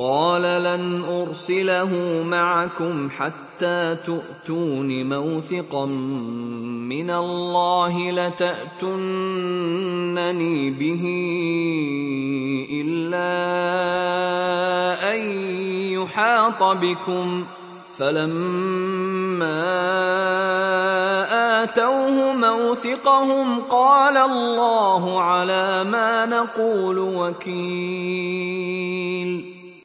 قال لن ارسله معكم حتى تؤتون موثقا من الله لتأتنني به الا ان يحاط بكم فلما اتوه موثقهم قال الله على ما نقول وكيل